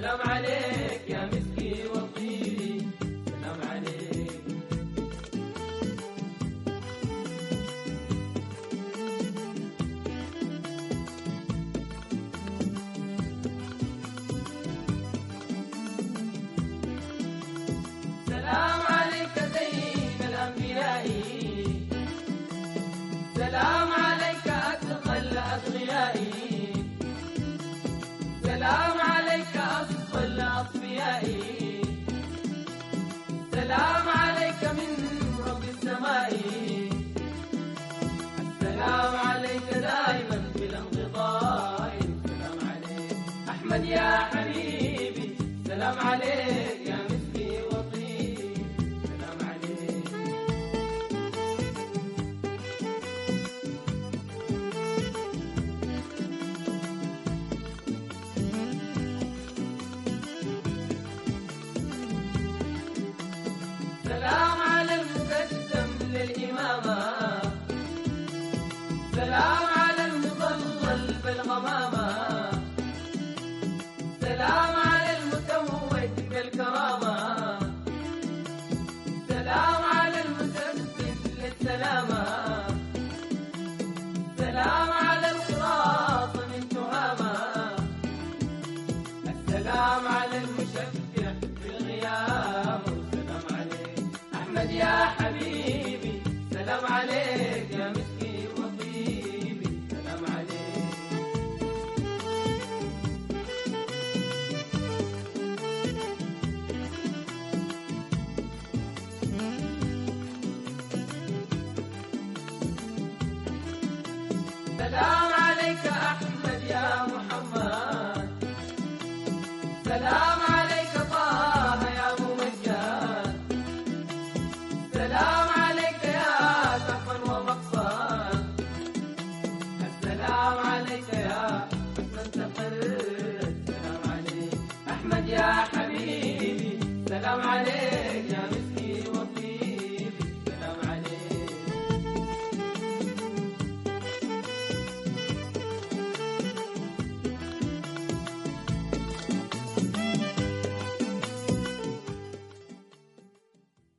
سلام عليك يا مسكي وطيب يا حبيبي سلام عليك يا مسكي سلام عليك سلام على المقدم سلام سلام عليك أحمد يا محمد سلام عليك طه يا أبو مجان سلام عليك يا سقفا ومقصان السلام عليك يا من تقر السلام عليك أحمد يا حبيبي سلام عليك